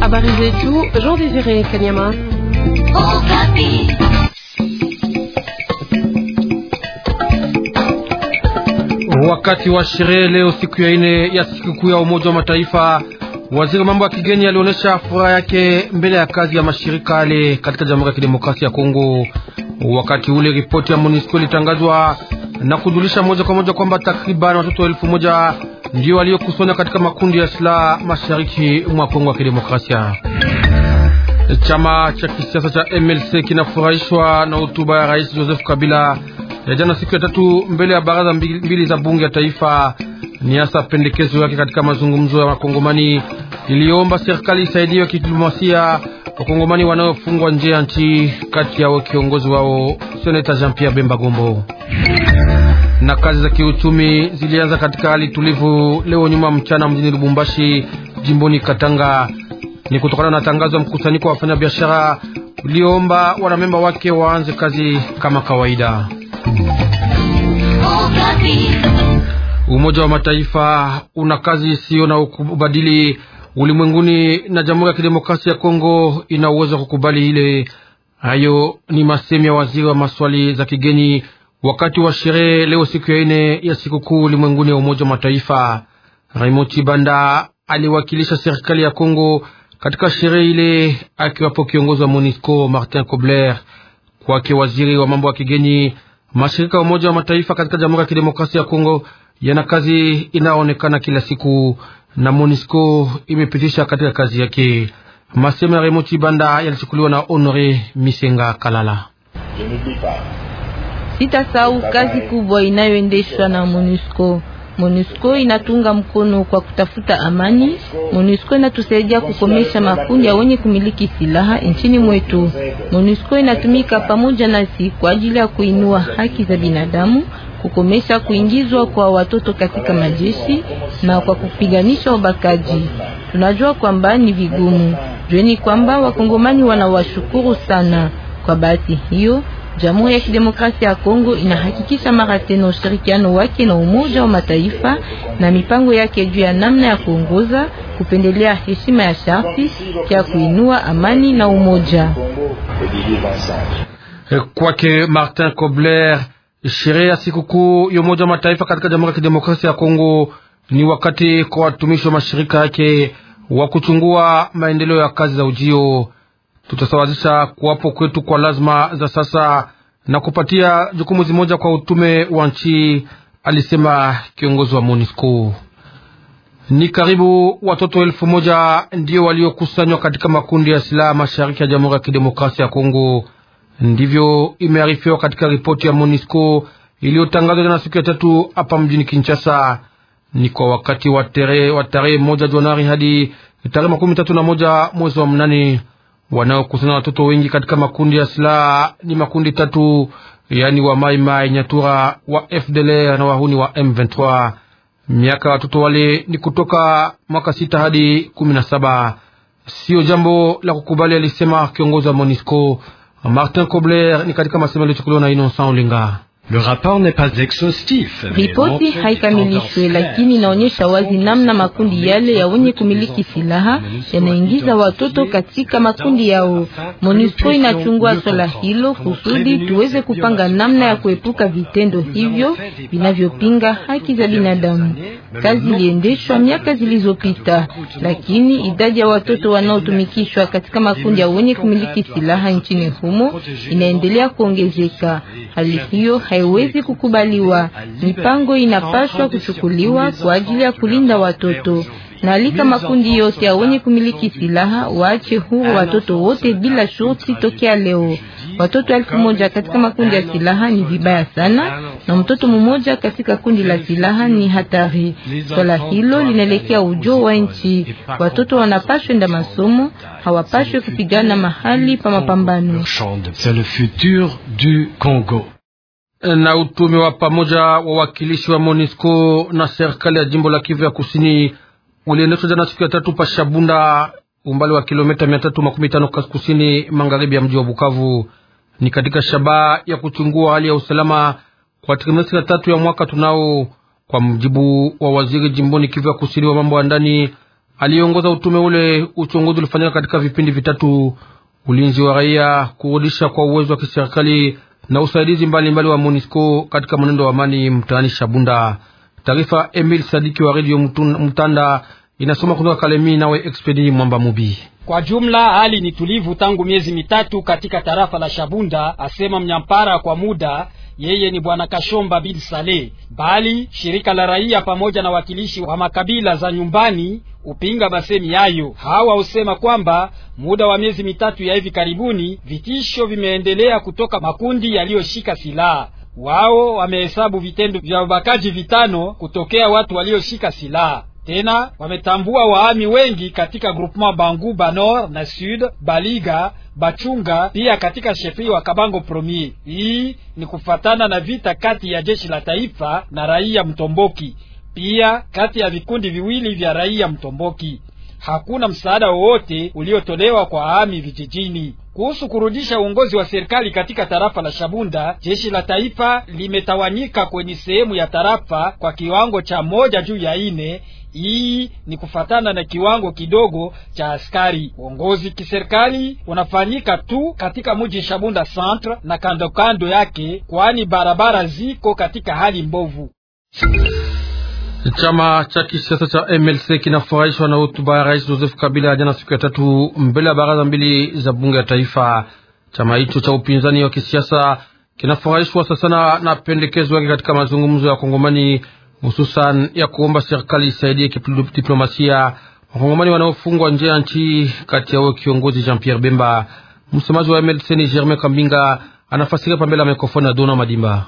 Habari zetu Jean Désiré Kanyama. Okapi. Wakati wa sherehe leo siku ya ine ya sikukuu ya Umoja wa Mataifa, waziri mambo ya kigeni alionyesha furaha yake mbele ya kazi ya mashirika yale katika Jamhuri ya Kidemokrasia ya Kongo. Wakati ule ripoti ya MONUSCO ilitangazwa na kujulisha moja kwa moja kwamba takriban watoto elfu moja ndio waliokusanywa katika makundi ya silaha mashariki mwa Kongo ya Kidemokrasia. Chama cha kisiasa cha MLC kinafurahishwa na hotuba ya Rais Joseph Kabila ya jana siku ya tatu mbele ya baraza mbili za bunge ya taifa, ni hasa pendekezo yake katika mazungumzo ya Wakongomani iliyoomba serikali isaidie ya kidiplomasia Wakongomani wanaofungwa nje ya nchi kati yao kiongozi wao Seneta Jean-Pierre Bemba Gombo. Na kazi za kiuchumi zilianza katika hali tulivu leo nyuma mchana mjini Lubumbashi, jimboni Katanga. Ni kutokana na tangazo ya mkusanyiko wa wafanyabiashara ulioomba wanamemba wake waanze kazi kama kawaida. Umoja wa Mataifa una kazi isiyo na ubadili ulimwenguni, na Jamhuri ya Kidemokrasia ya Kongo ina uwezo wa kukubali ile Hayo ni masemi ya waziri wa maswali za kigeni wakati wa sherehe leo siku ya ine ya sikukuu ulimwenguni ya Umoja wa Mataifa. Raimoti Banda aliwakilisha serikali ya Kongo katika sherehe ile, akiwapo kiongozi wa MONUSCO Martin Kobler. Kwake waziri wa mambo ya kigeni, mashirika ya Umoja wa Mataifa katika Jamhuri ya Kidemokrasia ya Kongo yana kazi inayoonekana kila siku na MONUSCO imepitisha katika kazi yake. Masemo ya Remoti Banda yalichukuliwa na Honore Misenga Kalala. Sitasahau kazi kubwa inayoendeshwa na MONUSCO. MONUSCO inatunga mkono kwa kutafuta amani. MONUSCO inatusaidia kukomesha makundi ya wenye kumiliki silaha nchini mwetu. MONUSCO inatumika pamoja nasi kwa ajili ya kuinua haki za binadamu, kukomesha kuingizwa kwa watoto katika majeshi na kwa kupiganisha ubakaji. Tunajua kwamba ni vigumu Jueni kwamba wakongomani wanawashukuru sana. Kwa bahati hiyo, Jamhuri ya Kidemokrasia ya Kongo inahakikisha mara tena ushirikiano wake na Umoja wa Mataifa na mipango yake juu ya namna ya kuongoza, kupendelea heshima ya sharti ya kuinua amani na umoja. Kwake Martin Kobler, sherehe ya sikukuu ya Umoja wa Mataifa katika Jamhuri ya Kidemokrasia ya Kongo ni wakati kwa watumishi wa mashirika yake wa kuchungua maendeleo ya kazi za ujio. Tutasawazisha kuwapo kwetu kwa lazima za sasa na kupatia jukumu zimoja kwa utume wa nchi, alisema kiongozi wa MONUSCO. Ni karibu watoto elfu moja ndio waliokusanywa katika makundi ya silaha mashariki ya Jamhuri ya Kidemokrasia ya Kongo. Ndivyo imearifiwa katika ripoti ya MONUSCO iliyotangazwa jana siku ya tatu hapa mjini Kinshasa ni kwa wakati wa tarehe moja Januari hadi tarehe makumi tatu na moja mwezi wa mnane. Wanaokusana watoto wengi katika makundi ya silaha ni makundi tatu, yaani wa Mai Nyatura, wa FDLR na wahuni wa M23. Miaka watoto wale ni kutoka mwaka sita hadi kumi na saba. Sio jambo la kukubali, alisema kiongozi wa Monisco Martin Kobler, ni katika masema yaliyochukuliwa na Innocent Olinga. Ripoti haikamilishwe lakini inaonyesha wazi namna makundi yale ya wenye kumiliki silaha yanaingiza watoto katika makundi yao. MONUSCO inachungua swala hilo kusudi tuweze kupanga namna ya kuepuka vitendo hivyo vinavyopinga haki za binadamu. Kazi iliendeshwa miaka zilizopita, lakini idadi ya watoto wanaotumikishwa katika makundi ya wenye kumiliki silaha nchini humo inaendelea kuongezeka. Hali hiyo haiwezi kukubaliwa. Mipango inapaswa kuchukuliwa kwa ajili ya kulinda watoto. Naalika makundi yote ya wenye kumiliki silaha waache huru watoto wote bila shurti tokea leo. Watoto elfu moja katika makundi ya silaha ni vibaya sana, na mtoto mmoja katika kundi la silaha ni hatari. Swala hilo linaelekea ujo wa nchi. Watoto wanapashwe enda masomo, hawapashwe kupigana mahali pa mapambano. Eh, na utume wa pamoja wa wakilishi wa Monisco na serikali ya jimbo la Kivu ya Kusini uliendeshwa jana siku ya tatu pa Shabunda, umbali wa kilomita mia tatu makumi tano kusini magharibi ya mji wa Bukavu. Ni katika shabaha ya kuchungua hali ya usalama kwa trimesti ya tatu ya mwaka tunao. Kwa mjibu wa waziri jimboni Kivu ya Kusini wa mambo ya ndani aliyeongoza utume ule, uchunguzi ulifanyika katika vipindi vitatu: ulinzi wa raia, kurudisha kwa uwezo wa kiserikali na usaidizi mbalimbali mbali wa MONUSCO katika mwenendo wa amani mtaani Shabunda. Taarifa Emil Sadiki wa Radio Mtanda inasoma kutoka Kalemi, nawe Expedi Mwamba Mubi. Kwa jumla hali ni tulivu tangu miezi mitatu katika tarafa la Shabunda, asema mnyampara kwa muda yeye ni bwana Kashomba bin Saleh, bali shirika la raia pamoja na wakilishi wa makabila za nyumbani upinga masemi yayo. Hawa husema kwamba muda wa miezi mitatu ya hivi karibuni vitisho vimeendelea kutoka makundi yaliyoshika silaha. Wao wamehesabu vitendo vya ubakaji vitano kutokea watu walioshika silaha. Tena wametambua waami wengi katika groupement bangu Nord na Sud, Baliga, Bachunga, pia katika shefri wa Kabango Premier. Hii ni kufatana na vita kati ya jeshi la taifa na raia mtomboki pia kati ya vikundi viwili vya raia Mtomboki. Hakuna msaada wowote uliotolewa kwa ami vijijini. Kuhusu kurudisha uongozi wa serikali katika tarafa la Shabunda, jeshi la taifa limetawanyika kwenye sehemu ya tarafa kwa kiwango cha moja juu ya ine. Hii ni kufatana na kiwango kidogo cha askari. Uongozi kiserikali unafanyika tu katika mji Shabunda centre na kandokando yake, kwani barabara ziko katika hali mbovu. Chama cha kisiasa cha MLC kinafurahishwa na hotuba ya Rais Joseph Kabila jana siku ya tatu mbele ya baraza mbili za bunge ya taifa. Chama hicho cha upinzani wa kisiasa kinafurahishwa sasa na pendekezo yake katika mazungumzo ya Kongomani, hususan ya kuomba serikali isaidie kidiplomasia Wakongomani wanaofungwa nje ya nchi, kati yao kiongozi Jean Pierre Bemba. Msemaji wa MLC ni Germain Kambinga anafasiria pambele ya mikrofoni ya Dona Madimba.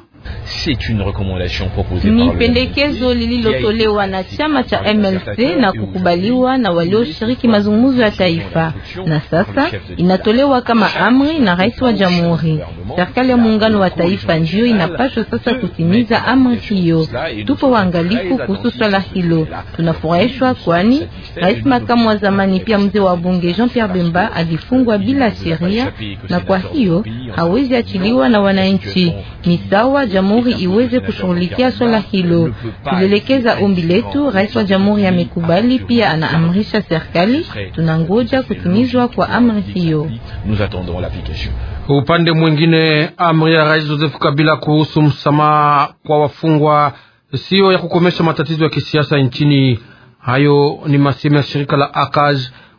Ni pendekezo lililotolewa na chama cha MLC na kukubaliwa na walioshiriki mazungumzo ya taifa, na sasa inatolewa kama amri na rais wa jamhuri. Serikali ya muungano wa taifa ndio inapaswa sasa kutimiza amri hiyo. Tupo waangalifu kuhusu swala hilo, tunafurahishwa kwani rais makamu wa zamani pia mzee wa bunge Jean Pierre Bemba alifungwa bila sheria, na kwa hiyo hawezi achiliwa na wananchi. Ni sawa jamhuri iweze kushughulikia swala hilo. Tulielekeza ombi letu, rais wa jamhuri amekubali, pia anaamrisha serikali. Tunangoja kutimizwa kwa amri hiyo. Upande mwingine, amri ya rais Joseph Kabila kuhusu msamaha kwa wafungwa sio ya kukomesha matatizo ya kisiasa nchini. Hayo ni masemo ya shirika la Akaj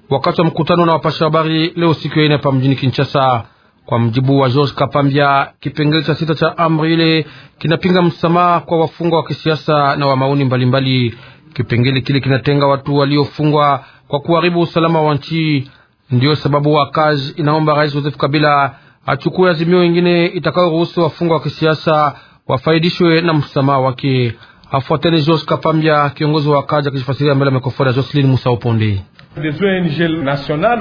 wakati wa mkutano na wapasha habari leo siku ya ine hapa mjini Kinshasa. Kwa mjibu wa George kapambia kipengele cha sita cha amri ile kinapinga msamaha kwa wafungwa wa kisiasa na wa maoni mbalimbali. Kipengele kile kinatenga watu waliofungwa kwa kuharibu usalama wa nchi. Ndiyo sababu wakazi inaomba Rais Joseph Kabila achukue azimio ingine itakayoruhusu wafungwa wa kisiasa wafaidishwe na msamaha wake. Afuateni George kapambia kiongozi wa wakazi, akijifasiria mbele ya mikrofoni ya Jocelyn Musa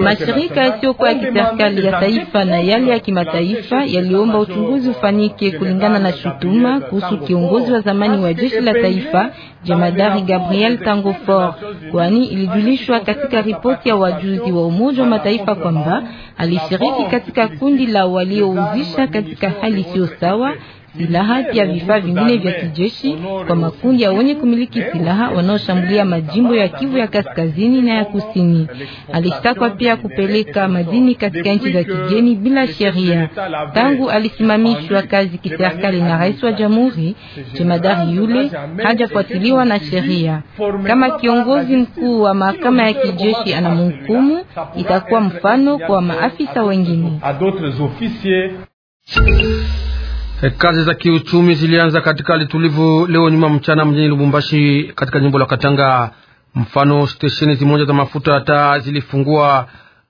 Mashirika yasiyokuwa ya kiserikali ya taifa na yale ya kimataifa yaliomba uchunguzi ufanyike kulingana na shutuma kuhusu kiongozi wa zamani wa jeshi la taifa jemadari Gabriel Tangofor, kwani ilijulishwa katika ripoti ya wajuzi wa Umoja wa Mataifa kwamba alishiriki katika kundi la waliouzisha katika hali isiyo sawa silaha pia vifaa vingine vya kijeshi kwa makundi ya wenye kumiliki silaha wanaoshambulia majimbo ya Kivu ya kaskazini na ya kusini. Alishtakwa pia kupeleka madini katika nchi za kigeni bila sheria. Tangu alisimamishwa kazi kiserikali na rais wa jamhuri, jemadari yule hajafuatiliwa na sheria. Kama kiongozi mkuu wa mahakama ya kijeshi anamhukumu, itakuwa mfano kwa maafisa wengine. Eh, kazi za kiuchumi zilianza katika litulivu leo nyuma mchana mjini Lubumbashi katika jimbo la Katanga. Mfano, stesheni zimoja za mafuta ya taa zilifungua.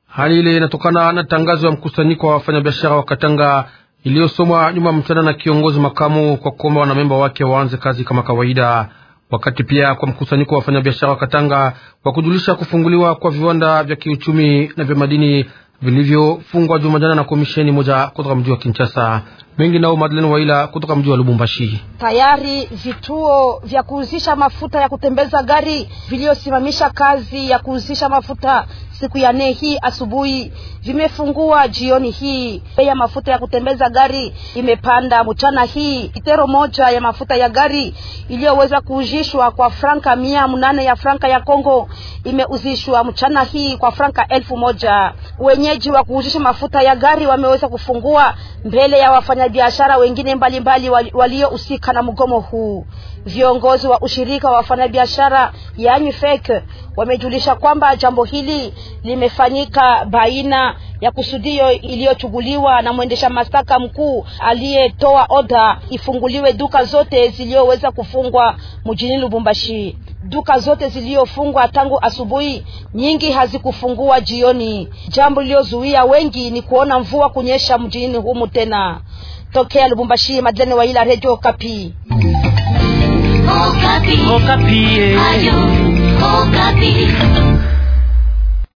Hali ile inatokana na tangazo ya mkusanyiko wa wafanyabiashara wa Katanga iliyosomwa nyuma mchana na kiongozi makamu kwa kuomba wanamemba wake waanze kazi kama kawaida. Wakati pia kwa mkusanyiko wa wafanyabiashara wa Katanga kwa kujulisha kufunguliwa kwa viwanda vya kiuchumi na vya madini vilivyofungwa jumajana na komisheni moja kutoka mji wa Kinshasa. Mengi nao Madeleine Waila kutoka mji wa Lubumbashi. Tayari vituo vya kuuzisha mafuta ya kutembeza gari viliyosimamisha kazi ya kuuzisha mafuta siku ya nne hii asubuhi, vimefungua jioni hii. Bei ya mafuta ya kutembeza gari imepanda mchana hii. Litero moja ya mafuta ya gari iliyoweza kuuzishwa kwa franka mia mnane ya franka ya Kongo imeuzishwa mchana hii kwa franka elfu moja. Wenyeji wa kuuzisha mafuta ya gari wameweza kufungua mbele ya wafanyabiashara wengine mbalimbali waliohusika na mgomo huu. Viongozi wa ushirika wa wafanyabiashara yaani FEC wamejulisha kwamba jambo hili limefanyika baina ya kusudio iliyochuguliwa na mwendesha mashtaka mkuu aliyetoa oda ifunguliwe duka zote zilizoweza kufungwa mjini Lubumbashi. Duka zote zilizofungwa tangu asubuhi, nyingi hazikufungua jioni. Jambo lililozuia wengi ni kuona mvua kunyesha mjini humu tena. Tokea Lubumbashi, wa Waila, Radio Kapi. Okapi. Okapi. Okapi. Eh.